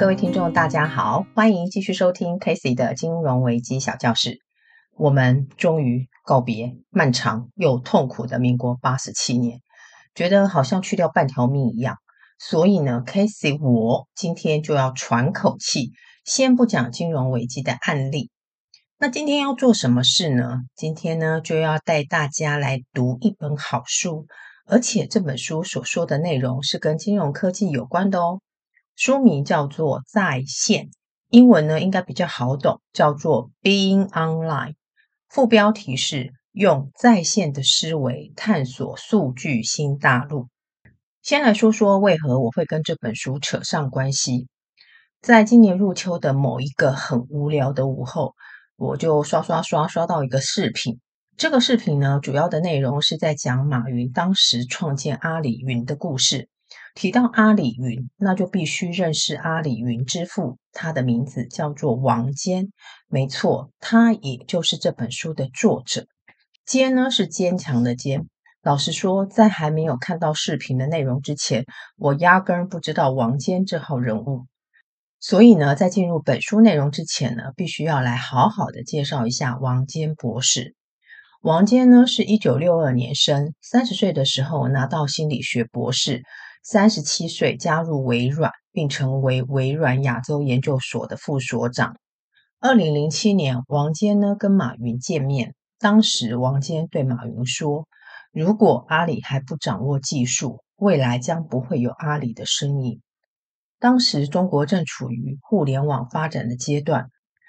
各位聽眾，大家好，歡迎繼續收聽 Casey 的金融危機小教室。我們終於告別漫長又痛苦的民國八十七年，覺得好像去掉半條命一樣。所以呢，Casey 我今天就要喘口氣，先不講金融危機的案例。那今天要做什麼事呢？今天呢，就要帶大家來讀一本好書，而且這本書所說的內容是跟金融科技有關的哦。書名叫做《在線》，英文呢應該比較好懂，叫做《Being Online》。副標題是“用在線的思維探索數據新大陸”。先來說說為何我會跟這本書扯上關係。在今年入秋的某一個很無聊的午後，我就刷刷刷刷到一個視頻。這個視頻呢，主要的內容是在講馬雲當時創建阿里雲的故事。提到阿里雲，那就必須認識阿里雲之父，他的名字叫做王堅。沒錯，他也就是這本書的作者。堅呢，是堅強的堅。老實說，在還沒有看到視頻的內容之前，我壓根不知道王堅這號人物。所以呢，在進入本書內容之前呢，必須要來好好的介紹一下王堅博士。王堅呢，是一九六二年生，三十歲的時候拿到心理學博士。三十七歲加入微軟，並成為微軟亞洲研究所的副所長。二零零七年，王堅呢跟馬雲見面。當時，王堅對馬雲說：“如果阿里還不掌握技術，未來將不會有阿里的身影。”當時，中國正處於互聯網發展的階段，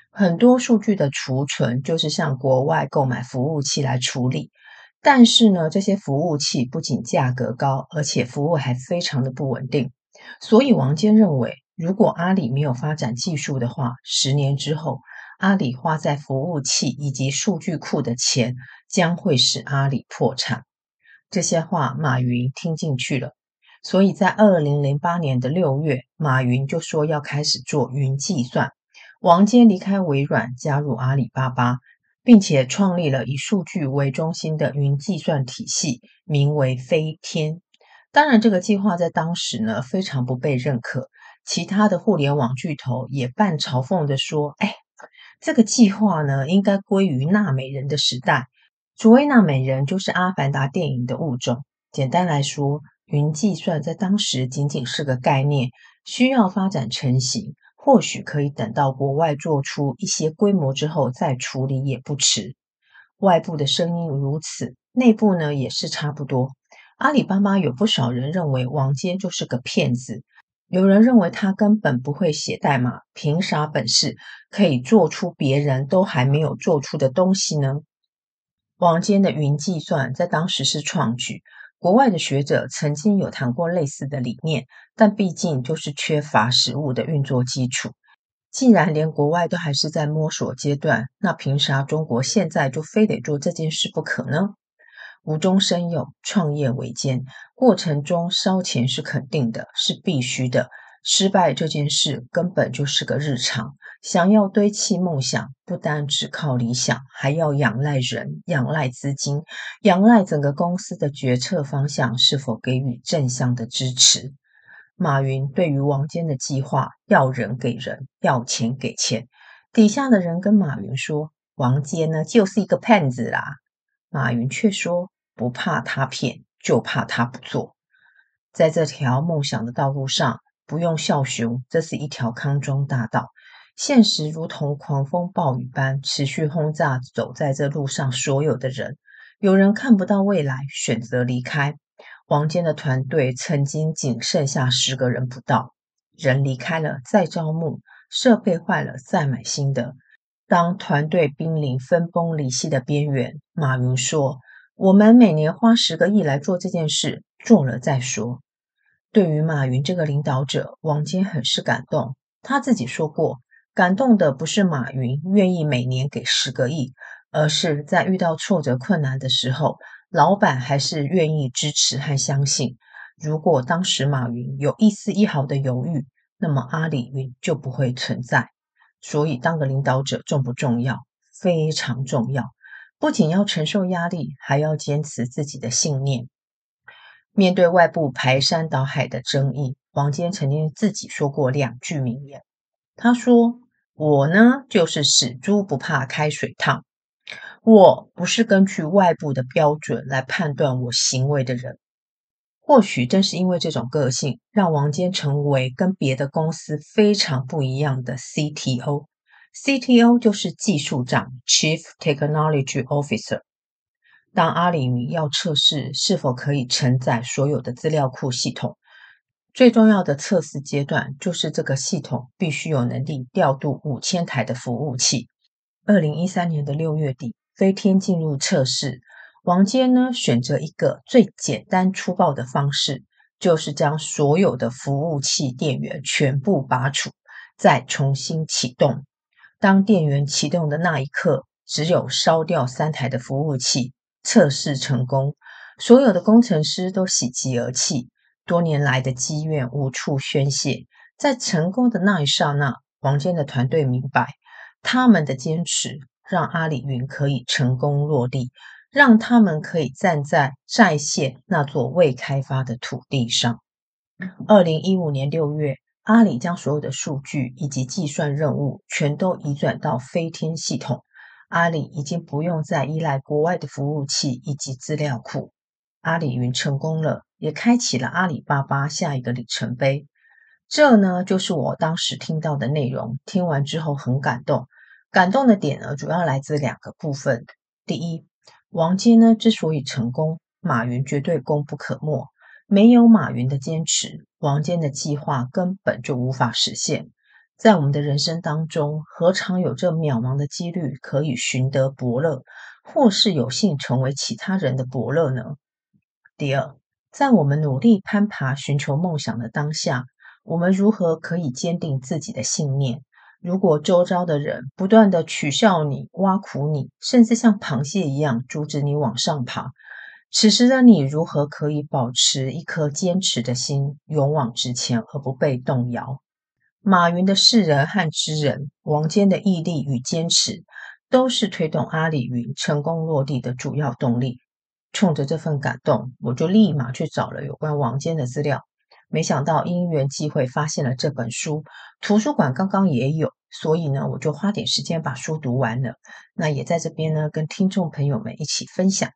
很多數據的儲存就是向國外購買服務器來處理。但是呢，這些服務器不僅價格高，而且服務還非常的不穩定。所以王堅認為，如果阿里沒有發展技術的話，十年之後，阿里花在服務器以及數據庫的錢將會使阿里破產。這些話馬雲聽進去了，所以在二零零八年的六月，馬雲就說要開始做雲計算。王堅離開微軟，加入阿里巴巴。.並且創立了以數據為中心的雲計算體系，名為飛天。當然，這個計劃在當時呢非常不被認可。其他的互聯網巨頭也半嘲諷地說：“哎，這個計劃呢應該歸於納美人的時代，所謂納美人就是阿凡達電影的物種。”簡單來說，雲計算在當時僅僅是個概念，需要發展成型。或許可以等到國外做出一些規模之後再處理也不遲。外部的聲音如此，內部呢也是差不多。阿里巴巴有不少人認為王堅就是個騙子，有人認為他根本不會寫代碼，憑啥本事可以做出別人都還沒有做出的東西呢？王堅的雲計算在當時是創舉。國外的學者曾經有談過類似的理念，但畢竟就是缺乏實物的運作基礎。既然連國外都還是在摸索階段，那憑啥中國現在就非得做這件事不可呢？無中生有，創業維艱，過程中燒錢是肯定的，是必須的。失敗這件事根本就是個日常。想要堆砌夢想，不單只靠理想，還要仰賴人、仰賴資金、仰賴整個公司的決策方向是否給予正向的支持。馬雲對於王堅的計劃，要人給人，要錢給錢。底下的人跟馬雲說：“王堅呢，就是一個騙子啦。”馬雲卻說：“不怕他騙，就怕他不做。”在這條夢想的道路上。不用笑熊，這是一條康莊大道。現實如同狂風暴雨般持續轟炸，走在這路上所有的人，有人看不到未來，選擇離開。王堅的團隊曾經僅剩下十個人不到，人離開了再招募，設備壞了再買新的。當團隊瀕臨分崩離析的邊緣，馬雲說：“我們每年花十個億來做這件事，做了再說。”對於馬雲這個領導者，王堅很是感動。他自己說過，感動的不是馬雲願意每年給十個億，而是在遇到挫折困難的時候，老闆還是願意支持和相信。如果當時馬雲有一絲一毫的猶豫，那麼阿里雲就不會存在。所以，當個領導者重不重要？非常重要。不僅要承受壓力，還要堅持自己的信念。面對外部排山倒海的爭議，王堅曾經自己說過兩句名言。他說：“我呢，就是死豬不怕開水燙，我不是根據外部的標準來判斷我行為的人。”或許正是因為這種個性，讓王堅成為跟別的公司非常不一樣的 CTO。CTO 就是技術長，Chief Technology Officer。當阿里雲要測試是否可以承載所有的資料庫系統，最重要的測試階段就是這個系統必須有能力調度五千台的服務器。二零一三年的六月底，飛天進入測試。王堅呢，選擇一個最簡單粗暴的方式，就是將所有的服務器電源全部拔除，再重新啟動。當電源啟動的那一刻，只有燒掉三台的服務器。測試成功，所有的工程師都喜極而泣。多年來的積怨無處宣洩，在成功的那一剎那，王堅的團隊明白，他們的堅持讓阿里雲可以成功落地，讓他們可以站在在線那座未開發的土地上。2015年六月，阿里將所有的數據以及計算任務全都移轉到飛天系統。阿裡已經不用再依賴國外的服務器以及資料庫，阿里雲成功了，也開啟了阿里巴巴下一個里程碑。這呢，就是我當時聽到的內容。聽完之後很感動，感動的點呢，主要來自兩個部分。第一，王堅呢之所以成功，馬雲絕對功不可沒。沒有馬雲的堅持，王堅的計劃根本就無法實現。在我們的人生當中，何嘗有這渺茫的幾率可以尋得伯樂，或是有幸成為其他人的伯樂呢？第二，在我們努力攀爬、尋求夢想的當下，我們如何可以堅定自己的信念？如果周遭的人不斷地取笑你、挖苦你，甚至像螃蟹一樣阻止你往上爬，此時的你如何可以保持一顆堅持的心，勇往直前和不被動搖？馬雲的世人和知人，王堅的毅力與堅持，都是推動阿里雲成功落地的主要動力。衝着這份感動，我就立馬去找了有關王堅的資料。沒想到因緣際會，發現了這本書，圖書館剛剛也有，所以呢，我就花點時間把書讀完了。那也在這邊呢，跟聽眾朋友們一起分享。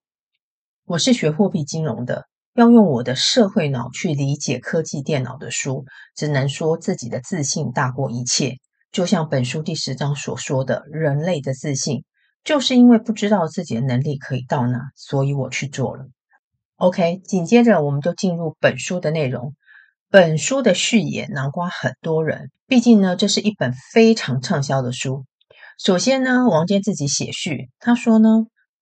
我是學貨幣金融的。要用我的社會腦去理解科技電腦的書，只能說自己的自信大過一切。就像本書第十章所說的，人類的自信就是因為不知道自己的能力可以到哪，所以我去做了。OK，緊接着我們就進入本書的內容。本書的序言難關很多人，畢竟呢，這是一本非常暢銷的書。首先呢，王堅自己寫序，他說呢。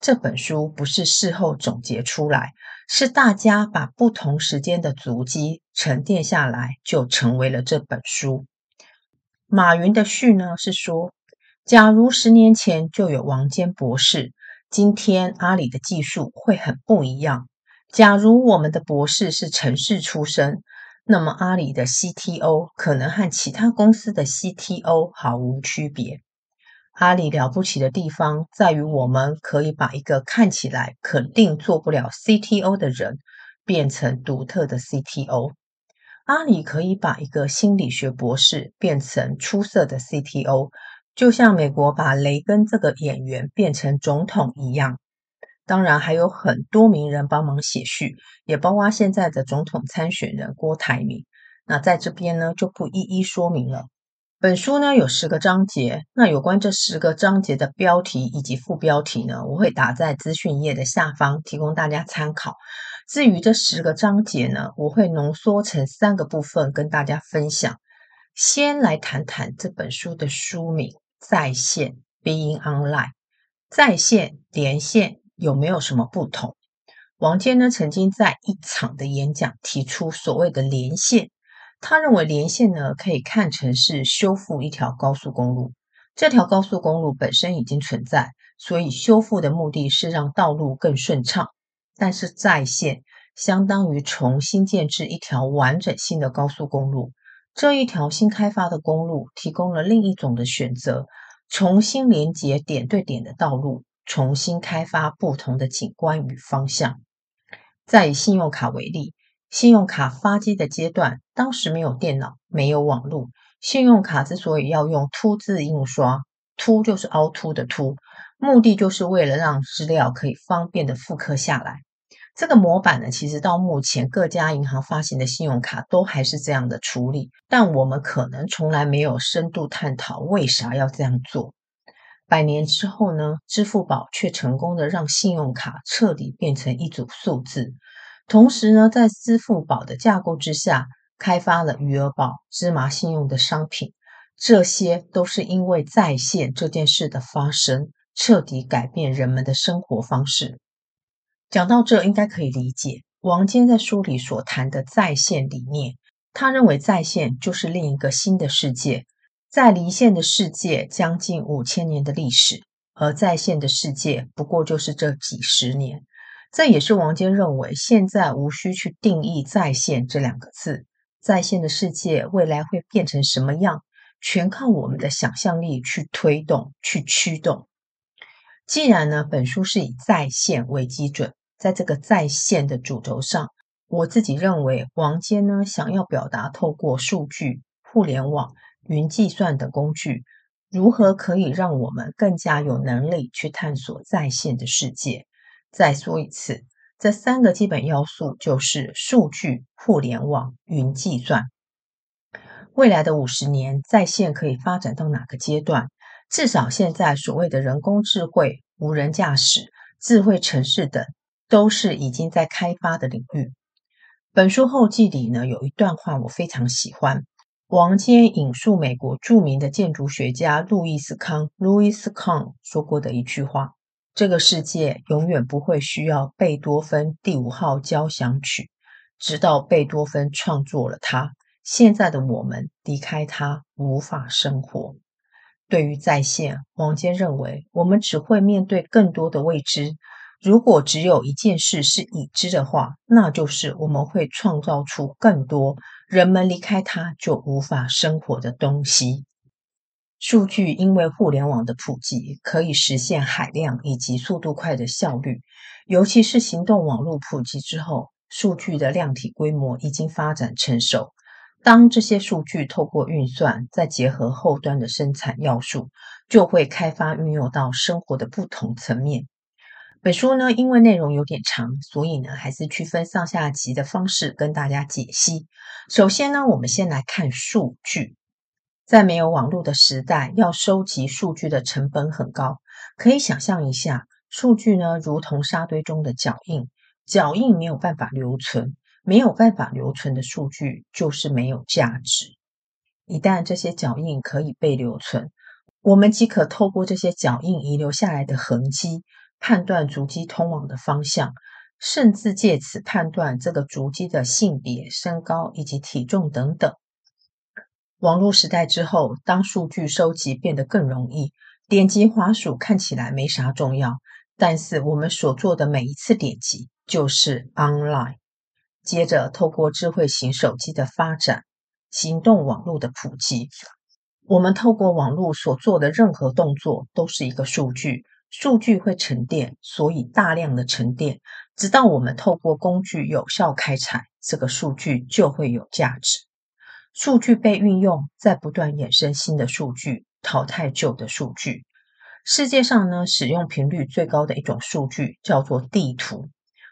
這本書不是事後總結出來，是大家把不同時間的足跡沉澱下來，就成為了這本書。馬雲的序呢是說：假如十年前就有王堅博士，今天阿里的技術會很不一樣；假如我們的博士是城市出身，那麼阿里的 CTO 可能和其他公司的 CTO 毫無區別。阿里了不起的地方在於，我們可以把一個看起來肯定做不了 CTO 的人，變成獨特的 CTO。阿里可以把一個心理學博士變成出色的 CTO，就像美國把雷根這個演員變成總統一樣。當然還有很多名人幫忙寫序，也包括現在的總統參選人郭台銘。那在這邊呢，就不一一說明了。本書呢有十個章節，那有關這十個章節的標題以及副標題呢，我會打在資訊頁的下方，提供大家參考。至於這十個章節呢，我會濃縮成三個部分跟大家分享。先來談談這本書的書名，在線 （being online），在線連線有沒有什麼不同？王堅呢曾經在一場的演講提出所謂的連線。他認為連線呢，可以看成是修復一條高速公路。這條高速公路本身已經存在，所以修復的目的是讓道路更順暢。但是在線相當於重新建置一條完整性的高速公路。這一條新開發的公路提供了另一種的選擇：重新連結點對點的道路，重新開發不同的景觀與方向。再以信用卡為例。信用卡發機的階段，當時沒有電腦，沒有網絡。信用卡之所以要用凸字印刷，凸就是凹凸的凸，目的就是為了讓資料可以方便的複刻下來。這個模板呢，其實到目前各家銀行發行的信用卡都還是這樣的處理，但我們可能從來沒有深度探討為啥要這樣做。百年之後呢，支付寶卻成功的讓信用卡徹底變成一組數字。同時呢，在支付寶的架構之下，開發了餘額寶、芝麻信用的商品，這些都是因為在線這件事的發生，徹底改變人們的生活方式。講到這，應該可以理解王堅在書裡所談的在線理念。他認為，在線就是另一個新的世界，在離線的世界將近五千年的歷史，而在線的世界不過就是這幾十年。這也是王堅認為，現在無需去定義“在線”這兩個字。在線的世界未來會變成什麼樣，全靠我們的想象力去推動、去驅動。既然呢，本書是以在線為基準，在這個在線的主軸上，我自己認為，王堅呢，想要表達，透過數據、互聯網、雲計算等工具，如何可以讓我們更加有能力去探索在線的世界。再說一次，這三個基本要素就是數據、互聯網、雲計算。未來的五十年，在線可以發展到哪個階段？至少現在，所謂的人工智慧、無人駕駛、智慧城市等，都是已經在開發的領域。本書後記裡呢，有一段話我非常喜歡，王堅引述美國著名的建築學家路易斯康，路易斯康說過的一句話。這個世界永遠不會需要貝多芬第五號交響曲，直到貝多芬創作了它。現在的我們離開它無法生活。對於在線，王堅認為，我們只會面對更多的未知。如果只有一件事是已知的話，那就是我們會創造出更多人們離開它就無法生活的東西。數據因為互聯網的普及，可以實現海量以及速度快的效率。尤其是行動網絡普及之後，數據的量體規模已經發展成熟。當這些數據透過運算，再結合後端的生產要素，就會開發運用到生活的不同層面。本書呢，因為內容有點長，所以呢，還是區分上下集的方式跟大家解析。首先呢，我們先來看數據。在沒有網絡的時代，要收集數據的成本很高。可以想象一下，數據呢，如同沙堆中的腳印，腳印沒有辦法留存，沒有辦法留存的數據就是沒有價值。一旦這些腳印可以被留存，我們即可透過這些腳印遺留下來的痕跡，判斷足跡通往的方向，甚至借此判斷這個足跡的性別、身高以及體重等等。網絡時代之後，當數據收集變得更容易，點擊滑鼠，看起來沒啥重要，但是我們所做的每一次點擊就是 online。接着，透過智慧型手機的發展，行動網絡的普及，我們透過網絡所做的任何動作都是一個數據。數據會沉澱，所以大量的沉澱，直到我們透過工具有效開採，這個數據就會有價值。數據被運用，在不斷衍生新的數據，淘汰舊的數據。世界上呢，使用頻率最高的一種數據叫做地圖。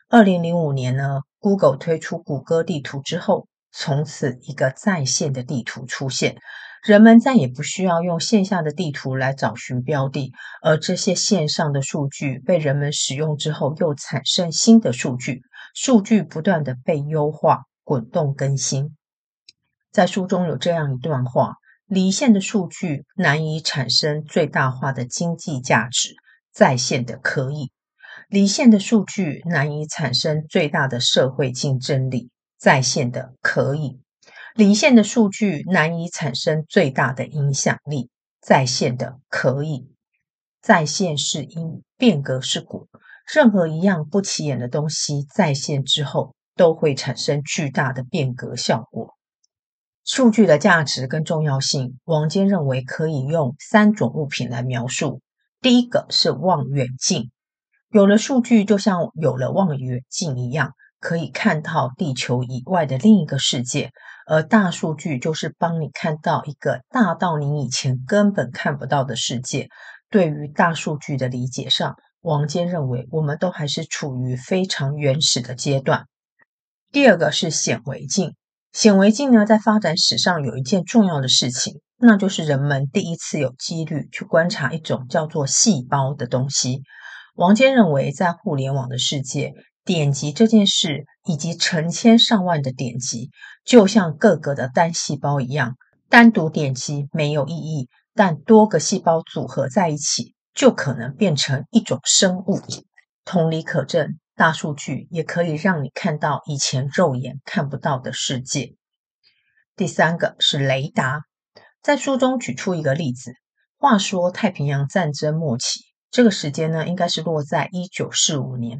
2005年呢，Google 推出谷歌地圖之後，從此一個在線的地圖出現，人們再也不需要用線下的地圖來找尋標的。而這些線上的數據被人們使用之後，又產生新的數據，數據不斷地被優化，滾動更新。在書中有這樣一段話：離線的數據難以產生最大化的經濟價值，在線的可以；離線的數據難以產生最大的社會競爭力，在線的可以；離線的數據難以產生最大的影響力，在線的可以。在線是因，變革是果。任何一樣不起眼的東西，在線之後都會產生巨大的變革效果。數據的價值跟重要性，王堅認為可以用三種物品來描述。第一個是望遠鏡，有了數據就像有了望遠鏡一樣，可以看到地球以外的另一個世界。而大數據就是幫你看到一個大到你以前根本看不到的世界。對於大數據的理解上，王堅認為我們都還是處於非常原始的階段。第二個是顯微鏡。顯微鏡呢，在發展史上有一件重要的事情，那就是人們第一次有幾率去觀察一種叫做細胞的東西。王堅認為，在互聯網的世界，點擊這件事以及成千上萬的點擊，就像各個的單細胞一樣，單獨點擊沒有意義，但多個細胞組合在一起，就可能變成一種生物。同理可證。大數據也可以讓你看到以前肉眼看不到的世界。第三個是雷達，在書中舉出一個例子。話說太平洋戰爭末期，這個時間呢，應該是落在一九四五年。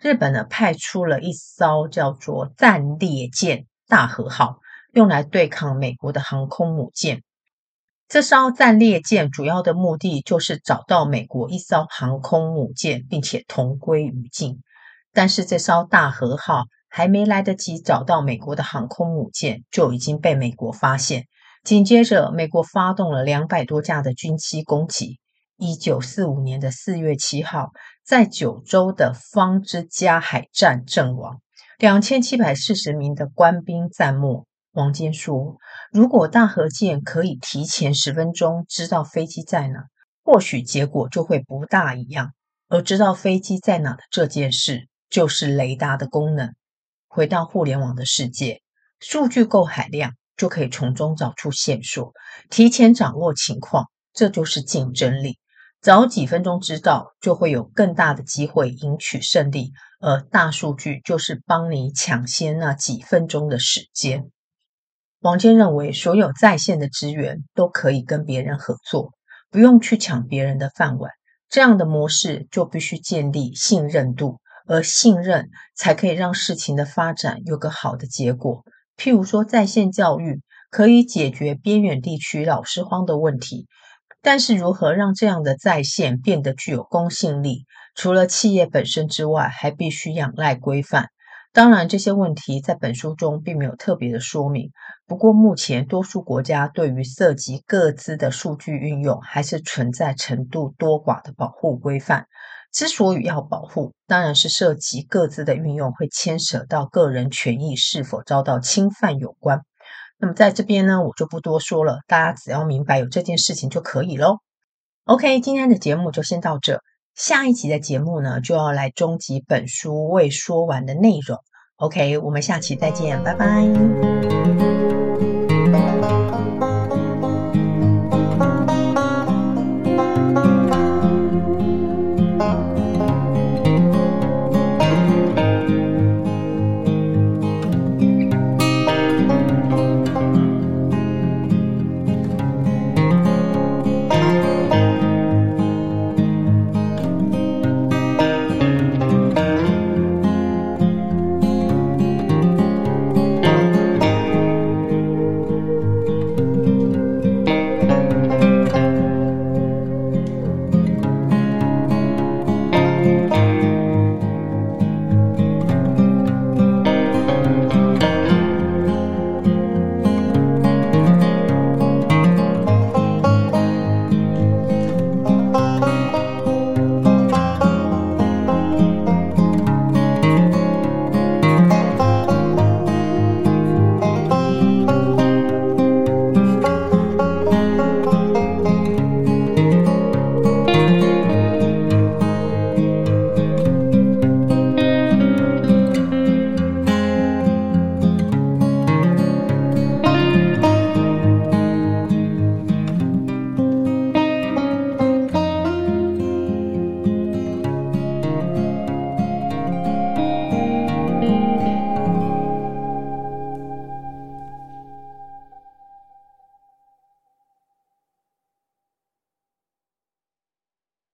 日本呢派出了一艘叫做戰列艦“大和號”，用來對抗美國的航空母艦。這艘戰列艦主要的目的就是找到美國一艘航空母艦，並且同歸於盡。但是這艘大和號還沒來得及找到美國的航空母艦，就已經被美國發現。緊接着，美國發動了兩百多架的軍機攻擊。一九四五年的四月七號，在九州的方之加海戰陣亡兩千七百四十名的官兵戰歿。王堅說：“如果大和艦可以提前十分鐘知道飛機在哪，或許結果就會不大一樣。而知道飛機在哪的這件事。”就是雷達的功能。回到互聯網的世界，數據夠海量，就可以從中找出線索，提前掌握情況，這就是競爭力。早幾分鐘知道，就會有更大的機會贏取勝利。而大數據就是幫你搶先那幾分鐘的時間。王堅認為，所有在線的資源都可以跟別人合作，不用去搶別人的飯碗。這樣的模式就必須建立信任度。而信任才可以讓事情的發展有個好的結果。譬如說，在線教育可以解決邊遠地區老師荒的問題，但是如何讓這樣的在線變得具有公信力，除了企業本身之外，還必須仰賴規範。當然，這些問題在本書中並沒有特別的說明。不過，目前多數國家對於涉及個資的數據運用，還是存在程度多寡的保護規範。之所以要保護，當然是涉及各自的運用會牽涉到個人權益是否遭到侵犯有關。那麼在這邊呢，我就不多說了，大家只要明白有這件事情就可以嘍。OK，今天的節目就先到這，下一集的節目呢就要來終極本書未說完的內容。OK，我們下期再見，拜拜。